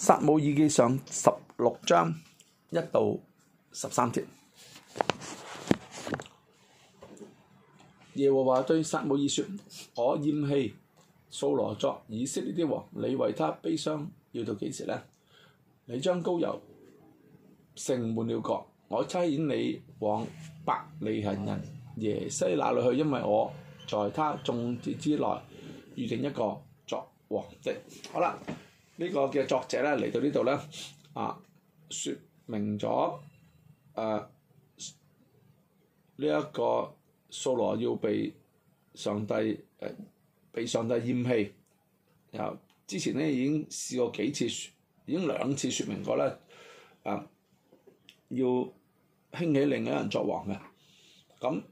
撒母耳記上十六章一到十三節，耶和華對撒母耳說：我厭棄掃羅作以色列的王，你為他悲傷要到幾時呢？你將膏油盛滿了角，我差遣你往伯利恒人、嗯、耶西那裏去，因為我在他眾子之內預定一個作王的。好啦。呢個嘅作者咧嚟到呢度咧啊，説明咗誒呢一個掃羅要被上帝誒、呃、被上帝厭棄，然後之前咧已經試過幾次，已經兩次説明過咧誒、啊、要興起另一人作王嘅，咁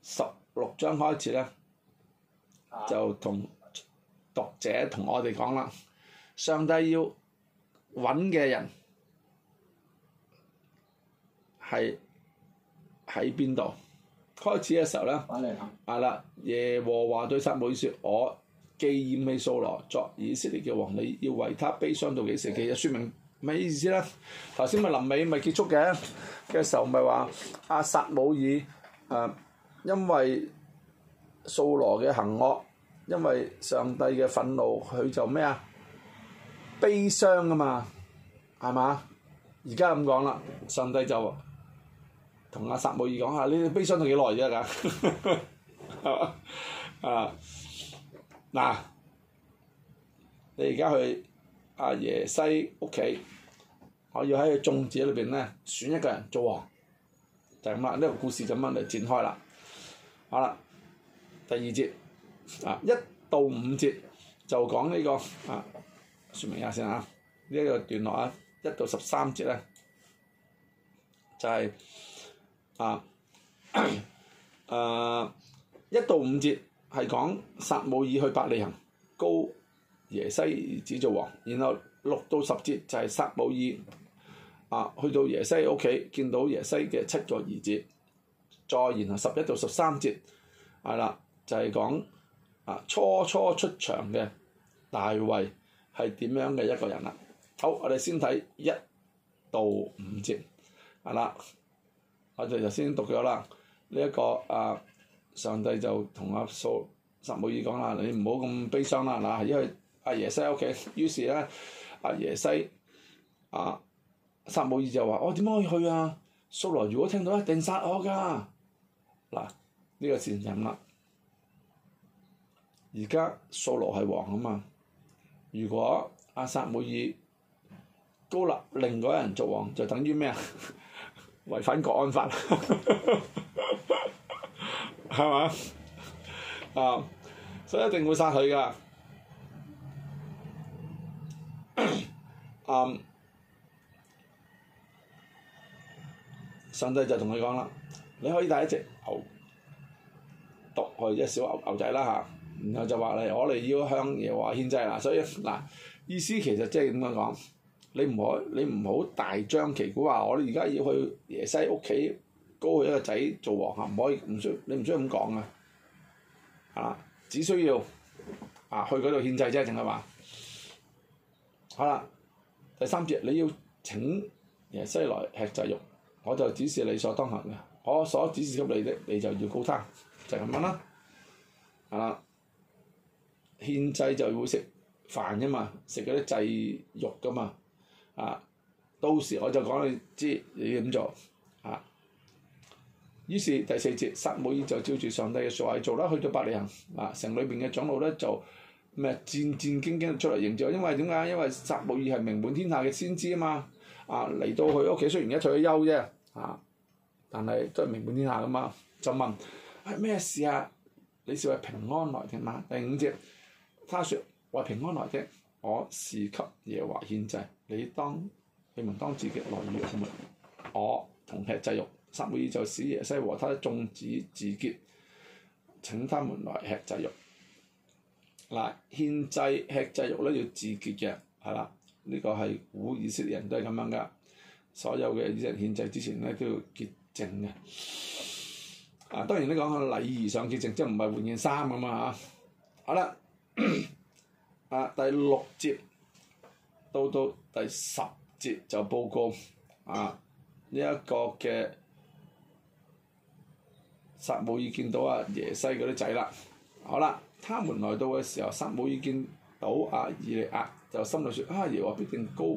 十六章開始咧就同讀者同我哋講啦。上帝要揾嘅人係喺邊度？開始嘅時候咧，係啦。耶和華對撒母耳說：我既厭棄掃羅作以色列嘅王，你要為他悲傷到幾時？其實説明咩意思咧？頭先咪臨尾咪結束嘅嘅時候咪話阿撒母耳誒，因為掃羅嘅行惡，因為上帝嘅憤怒，佢就咩啊？悲傷噶嘛，係嘛？而家咁講啦，上帝就同阿撒母耳講：呢啲悲傷咗幾耐啫㗎？啊，嗱、啊，你而家去阿耶西屋企，我要喺佢眾子裏邊咧選一個人做王，就係咁啦。呢、呢個故事就咁嚟、就係、展開啦。好啦，第二節啊，一到五節就講呢、呢個啊。說明一下先嚇，呢、這個段落，就是，啊，一到十三節咧，就 係啊，誒一到五節係講撒姆耳去百里行，高耶西子做王，然後六到十節就係撒姆耳啊去到耶西屋企見到耶西嘅七個兒子，再然後十一到十三節係啦，就係，是，講啊初初出場嘅大衛。係點樣嘅一個人啦？好，我哋先睇一到五節，係、啊、啦，我哋就先讀咗啦。呢、這、一個啊，上帝就同阿掃撒母耳講啦：你唔好咁悲傷啦，嗱、啊，因為阿耶西喺屋企。於是咧，阿耶西啊，撒母耳就話：我、哦、點可以去啊？掃羅如果聽到，一定殺我㗎。嗱、啊，呢、這個自然啦、啊。而家掃羅係王啊嘛。如果阿撒母耳高立令嗰人作王，就等於咩啊？違 反國安法，係 嘛 是吧？啊、 嗯，所以一定會殺佢噶。啊， 上帝就同佢講啦，你可以帶一隻牛，獨佢隻小牛小牛仔啦嚇。然後就話，例我哋要向耶和華獻祭啦，所以嗱意思其實即係點樣講？你唔可，你唔好大張旗鼓話、啊、我哋而家要去耶西屋企膏佢一個仔做王，唔可以，唔需你唔需要咁講啊，係啦，只需要啊去佢度獻祭啫，淨係話好啦。第三節你要請耶西來吃祭肉，我就指示你理所當行嘅，我所指示給你的，你就要膏他，就咁、是、樣啦，係啦。獻祭就會食飯噶嘛，食嗰啲祭肉噶嘛。啊，到時我就講你知你要點做啊。於是第四節，撒母耳就照住上帝嘅所話做啦，去到伯利恒啊，城裏邊嘅長老咧就咩戰戰兢兢出嚟迎接，因為點解？因為撒母耳係名滿天下嘅先知啊嘛。啊，嚟到佢屋企雖然而家退咗休啫，啊，但係都係名滿天下噶嘛。就問係咩、哎、事啊？你是為平安來嘅嘛？第五節。他説：為平安來的，我是給耶華獻祭，你當你們當自潔來與我，同吃祭肉，撒母耳就使耶西和他的眾子自潔，請他們來吃祭肉。嗱、啊，獻祭吃祭肉咧要自潔嘅，係啦，呢、這個係古以色列人都係咁樣噶。所有嘅以色列獻祭之前咧都要潔淨嘅。啊，當然咧講禮儀上潔淨，即係唔係換件衫咁嘛。嚇、啊，好啦。 啊！第六節到到第十節就報告啊！呢一個嘅撒母耳見到啊耶西嗰啲仔啦，好啦，他們來到嘅時候，撒母耳見到阿、啊、爾利亞，就心裏説：啊，耶和必定高，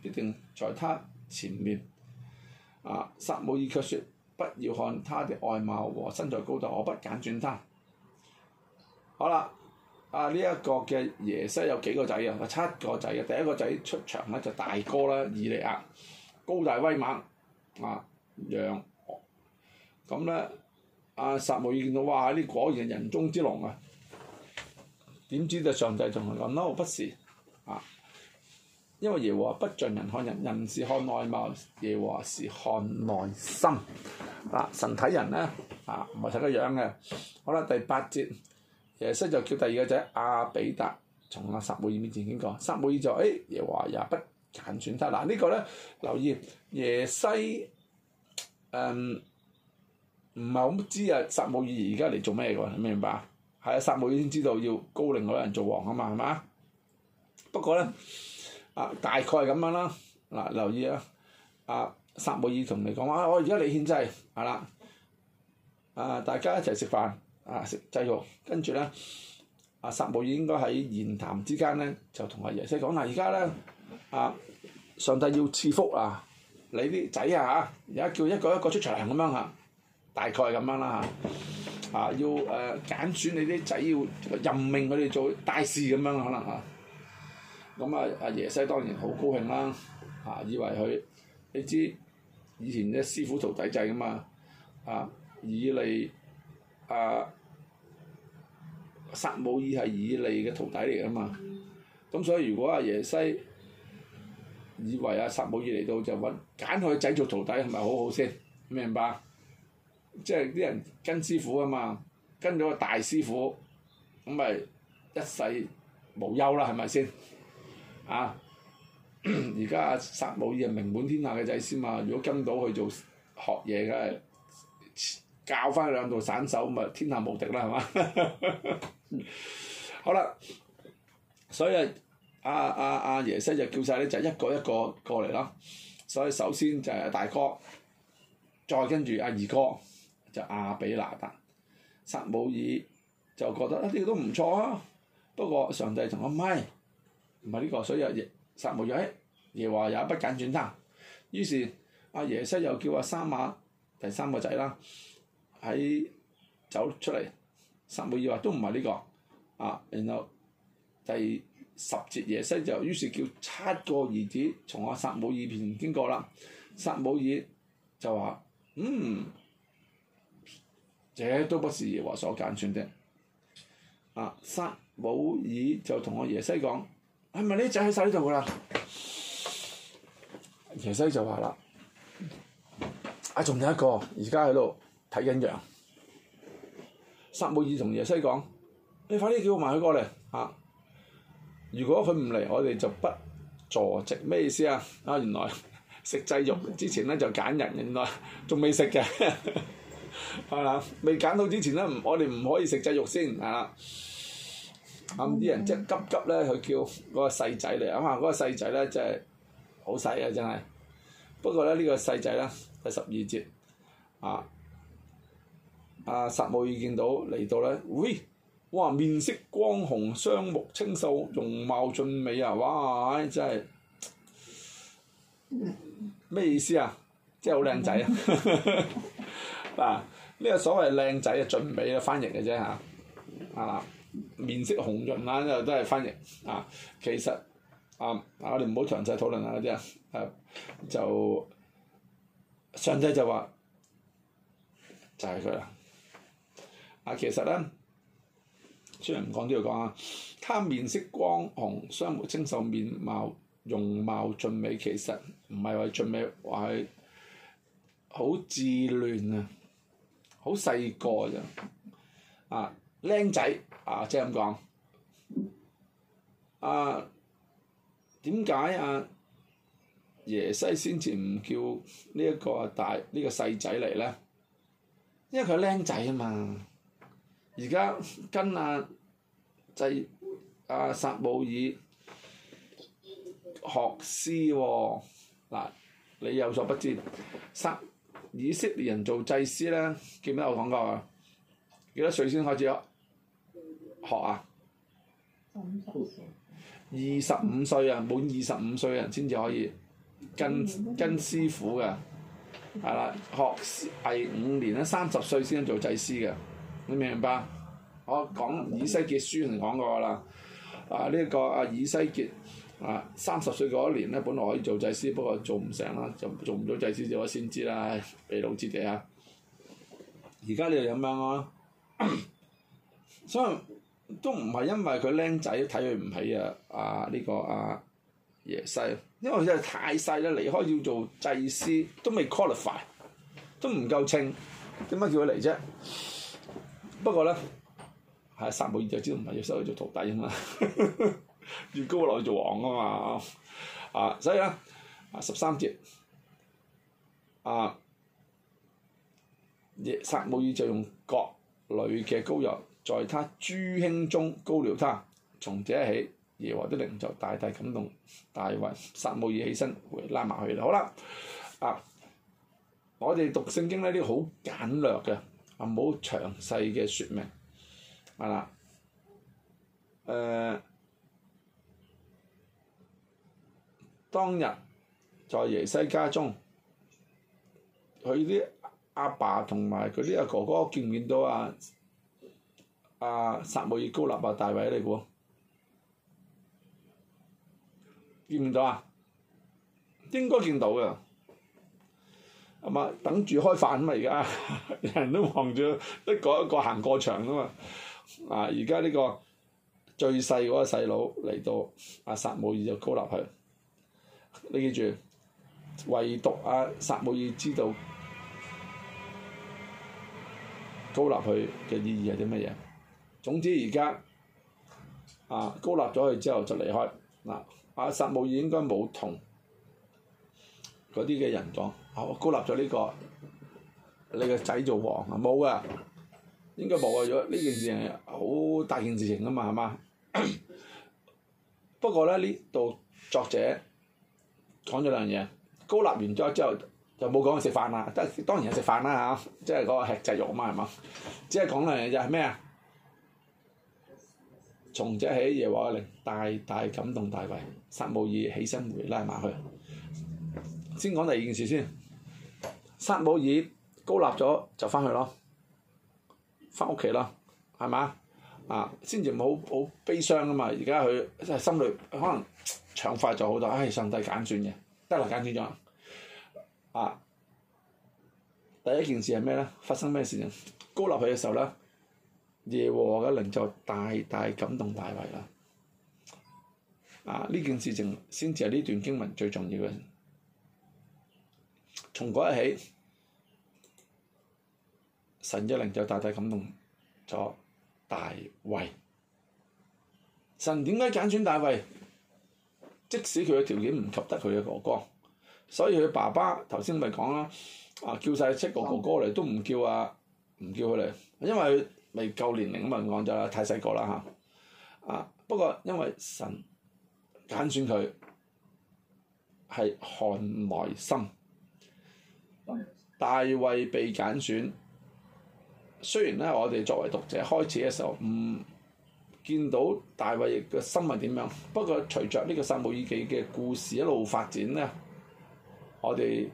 必定在他前面。啊！撒母耳卻説：不要看他嘅外貌和身材高大，我不敢轉他。好啦，啊呢一個嘅耶西有幾個仔啊？七個仔啊！第一個仔出場咧就大哥啦，以利押，高大威猛，啊，樣，咁、嗯、咧，阿撒母耳見到，哇！呢果然係人中之龍啊！點知就上帝仲同佢講 no 不是、sure，啊，因為耶和華不盡人看人，人是看外貌，耶和華是看內心。嗱、啊，神睇人咧，啊唔係睇個樣嘅。好啦，第八節。耶西就叫第二個仔阿比達，從阿撒母耳面前經過，撒母耳就誒、哎、耶華也不揀選他。嗱、這個、呢個咧留意耶西誒唔係好知啊撒母耳而家嚟做咩嘅喎？你明唔明白？係啊撒母耳先知道要高齡老人做王啊嘛，係咪？不過咧啊大概係咁樣啦。嗱、啊、留意啊，阿、啊、撒母耳同你講話，我而家嚟獻祭，係啦，啊，哦、啊，啊大家一齊食飯。啊！食祭肉，跟住咧，阿撒母耳應該喺言談之間咧，就同阿耶西講啦。而家咧，啊，上帝要賜福啊，你啲仔啊嚇，而家叫一個一個出場咁樣嚇、啊，大概咁樣啦嚇，啊，啊要誒揀、啊、選你啲仔要任命佢哋做大事咁樣可能嚇。咁啊，阿、啊啊、耶西當然好高興啦，嚇、啊、以為佢，你知以前啲師傅徒弟制噶嘛，啊以嚟啊～撒母耳係以利嘅徒弟嚟㗎嘛，咁所以如果阿耶西以為阿撒母耳嚟到就揾揀佢仔做徒弟係咪好好先？明唔明白？即係啲人跟師傅啊嘛，跟咗個大師傅咁咪一世無憂啦，係咪先？啊！而家阿撒母耳係名滿天下嘅仔先嘛，如果跟到佢做學嘢，梗係～教翻兩道散手，咪天下無敵啦，係嘛？好啦，所以阿阿阿耶西就叫晒咧，就一個一個過嚟咯。所以首先就係大哥，再跟住阿、啊、二哥就亞比拿達、撒母耳，就覺得一啲、啊這個、都唔錯啊。不過上帝同阿唔係唔係呢個，所以又撒母耳。耶華也不揀選他。於是阿、啊、耶西又叫阿三馬，第三個仔啦。喺走出嚟，撒母耳話都唔係呢個，啊，然後第十節耶西就於是叫七個兒子從阿撒母耳邊經過啦，撒母耳就話，嗯，這都不是耶和華所揀選算的，啊，撒母耳就同阿耶西講，係咪呢啲仔喺曬呢度㗎啦？耶西，是是耶西就話啦，啊，仲有一個，而家喺度，睇緊羊，撒母耳同耶西講，你快啲叫埋佢過嚟嚇、啊！如果佢唔嚟，我哋就不坐席。咩意思啊？啊，原來食祭肉之前咧就揀人，原來仲未食嘅，係啦，未揀到之前咧，唔，我哋唔可以食祭肉先，係啦。咁啲、嗯嗯、人即係急急咧，佢叫嗰個細仔嚟，啊嘛嗰、那個細仔咧真係好細啊，真係。不過咧，這個、呢個細仔咧係十二節，啊。啊！撒母耳見到嚟到咧，喂、哎！哇！面色光紅，雙目清秀，容貌俊美啊！哇！真係咩意思啊？真係好靚仔啊！嗱、 啊，呢、這個所謂靚仔啊，俊美啊，翻譯嘅啫嚇啊！面色紅潤呢、啊，又都係翻譯啊！其實啊，我哋唔好詳細討論下嗰啲啊，就上帝就話就係佢啦。啊，其實咧，雖然唔講都要講啊，他面色光紅，雙目清秀，面貌容貌俊美。其實唔係話俊美，話係好稚嫩啊，好細個啫、啊。啊，僆仔啊，即係咁講。啊，點解啊爺西先前唔叫呢一個大、呢個、呢個細仔嚟咧？因為佢僆仔啊嘛。而家跟阿祭阿撒母耳學師喎、哦，嗱你有所不知，撒以色列人做祭司咧，見唔見我講過？幾多歲先開始學，學啊？二十五歲，啊，滿二十五歲嘅人先至可以跟跟師傅嘅，係啦，學藝五年咧，三十歲先做祭司嘅。你明唔明白？我講以西結書嚟講過啦。啊，呢個啊以西結啊，三十歲嗰一年咧，本來可以做祭司，不過做唔成啦，就做唔到祭司，只我先知啦，未老己年。而家你又咁樣啊？ 所以都唔係因為佢僆仔睇佢唔起啊！啊，呢個啊耶西，因為佢真係太細啦，離開要做祭司都未 qualify，都唔夠稱，點解叫佢嚟啫？不過咧，係撒母耳就知道唔係要收佢做徒弟啊嘛，要膏我落去做王啊嘛，啊，所以咧，啊十三節，啊耶撒母耳就用各類嘅膏油，在他諸兄中膏了他。從這一起，耶和華的靈就大大感動大衛。撒母耳起身，回拉埋佢啦。好啦，啊，我哋讀聖經呢啲好簡略嘅。啊！冇詳細嘅説明，係啦，誒、呃，當日在耶西家中，佢啲阿爸同埋佢啲阿哥哥見唔見到啊？啊，撒母耳膏立伯大衛嚟嘅喎，見唔到啊？應該見到嘅。咁啊，等住開飯咁啊！而家人都望住，一個一個行過場啊嘛。啊，而家呢個最細嗰個細佬嚟到，阿撒母耳就高立去，你記住，唯獨阿撒母耳知道高立去嘅意義係啲乜嘢。總之而家啊，高立咗佢之後就離開。嗱、啊，阿撒母耳應該冇同嗰啲嘅人講。我孤立咗呢、這個，你個仔做王啊？冇啊，應該冇啊！咁呢件事係好大件事情啊嘛，係嘛？ 不過咧，呢度作者講咗兩樣嘢。高立完咗之後，就冇講去食飯啦。即當然係食飯啦嚇，即係嗰個吃祭肉啊嘛，係嘛？只係講兩樣嘢就係咩啊？從此耶和華的靈大大感動大衛，撒母耳起身回拉瑪去。先講第二件事先。撒母耳高立咗就翻去咯，翻屋企咯，係嘛？啊，先至唔好悲傷啊嘛！而家佢心裏可能暢快咗好多，唉、哎，上帝揀選嘅，得啦揀選咗，啊！第一件事係咩咧？發生咩事情？高立佢嘅時候咧，耶和華嘅靈就大大感動大衛啦，啊！呢件事情先至係呢段經文最重要嘅。從嗰日起，神嘅靈就大大感動咗大衛。神點解揀選大衛？即使佢嘅條件唔及得佢嘅哥哥，所以佢爸爸頭先咪講啦，啊叫晒七個哥哥嚟都唔叫啊，唔叫佢嚟，因為未夠年齡啊嘛，講就太細個啦嚇。啊不過因為神揀選佢係看內心。大衛被揀選，雖然咧，我哋作為讀者開始嘅時候唔、嗯、見到大衛嘅心係點樣，不過隨着呢、這個《撒母耳記》嘅故事一路發展咧，我哋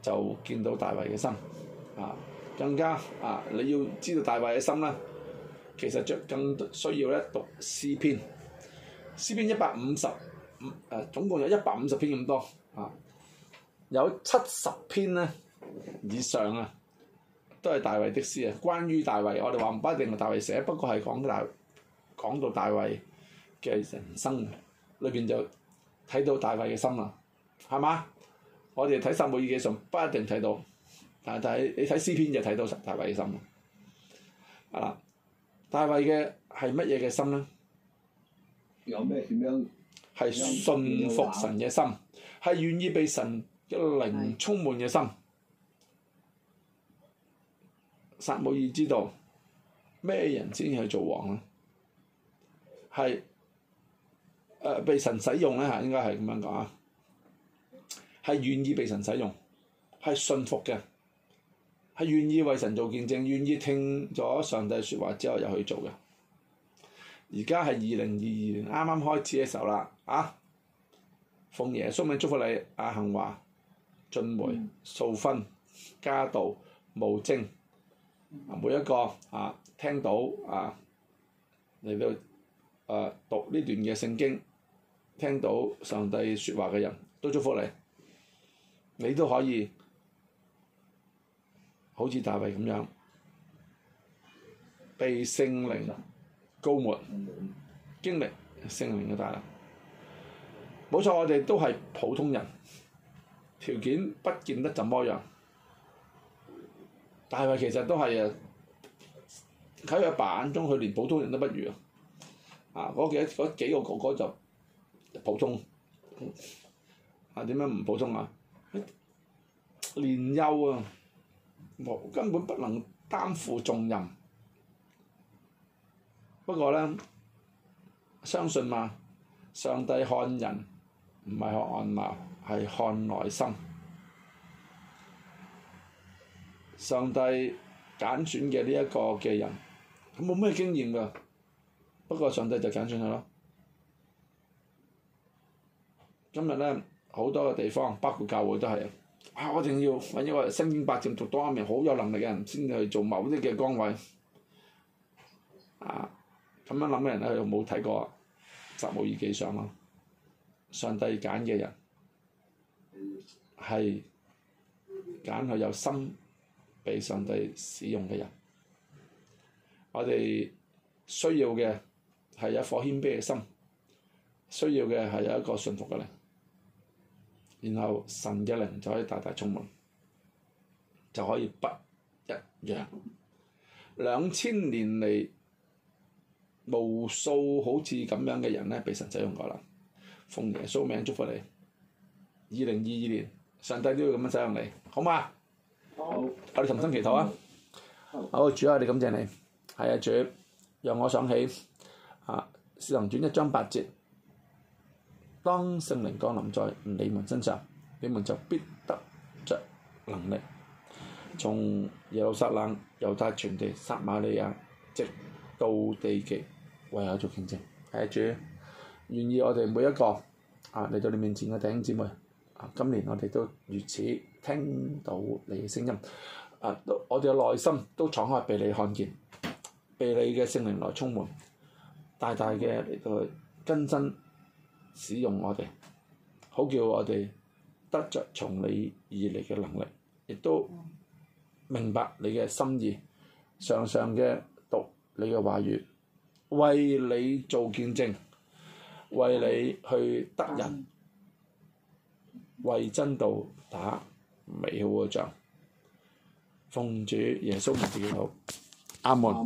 就見到大衛嘅心啊，更加啊，你要知道大衛嘅心咧，其實就更需要咧讀詩篇，詩篇一百五十誒總共有一百五十篇咁多啊，有七十篇咧。以上啊，都係大衛的詩啊。關於大衛，我哋話唔不一定係大衛寫，不過係講大，講到大衛嘅人生裏邊就睇到大衛嘅心啦，係嘛？我哋睇《撒母耳記》上不一定睇到，但係睇你睇詩篇就睇到大衛嘅心啦。啊，大衛嘅係乜嘢嘅心咧？有咩點樣？係信服神嘅心，係願意被神嘅靈充滿嘅心。撒母耳知道咩人先至去做王咧？係誒、呃、被神使用咧嚇，應該係噉樣講啊？係願意被神使用，係信服嘅，係願意為神做見證，願意聽咗上帝説話之後又去做嘅。而家係二零二二年啱啱開始嘅時候啦，啊！奉耶穌名祝福你，阿恆華、俊梅、素芬、家道、無精。每一個啊，聽到啊嚟到誒讀呢段嘅聖經，聽到上帝説話嘅人，都祝福你，你都可以好似大衛咁樣被聖靈膏抹，經歷聖靈嘅大能。冇錯，我哋都係普通人，條件不見得怎麼樣。但係其實都係啊！喺佢爸眼中，佢連普通人都不如啊！啊，嗰幾嗰個哥哥就普通，嚇、啊、點樣唔普通啊、哎？年幼啊，根本不能擔負重任。不過咧，相信嘛，上帝看人唔係看外貌，係看內心。上帝揀選嘅呢一個嘅人，佢冇咩經驗㗎，不過上帝就揀選佢咯。今日咧好多嘅地方，包括教會都係，啊我一定要揾一個身經百戰、讀多一名好有能力嘅人先去做某啲嘅崗位，啊咁樣諗嘅人咧又冇睇過、啊《撒母耳記》上咯，上帝揀嘅人係揀佢有心。被上帝使用嘅人，我哋需要嘅係一顆謙卑嘅心，需要嘅係有一個信服嘅靈，然後神嘅靈就可以大大充滿，就可以不一樣。兩千年嚟無數好似咁樣嘅人咧，畀神使用過啦。奉耶穌名祝福你，二零二二年，上帝都要咁樣使用你，好嘛？好，我哋同心祈禱啊！好，好主啊，你感謝你，係啊，主，讓我想起啊，《使徒行傳》一章八節，當聖靈降臨在你們身上，你們就必得著能力，從耶路撒冷、猶太全地、撒瑪利亞，直到地極，為我做見證。係啊，主，願意我哋每一個啊嚟到你面前嘅弟兄姊妹。今年我哋都如此聽到你嘅聲音，啊！我哋嘅內心都敞開被你看見，被你嘅聖靈來充滿，大大嘅嚟到更新使用我哋，好叫我哋得着從你而嚟嘅能力，亦都明白你嘅心意，常常嘅讀你嘅話語，為你做見證，為你去得人。為真道打美好嘅仗，奉主耶穌嘅名起頭，阿門。阿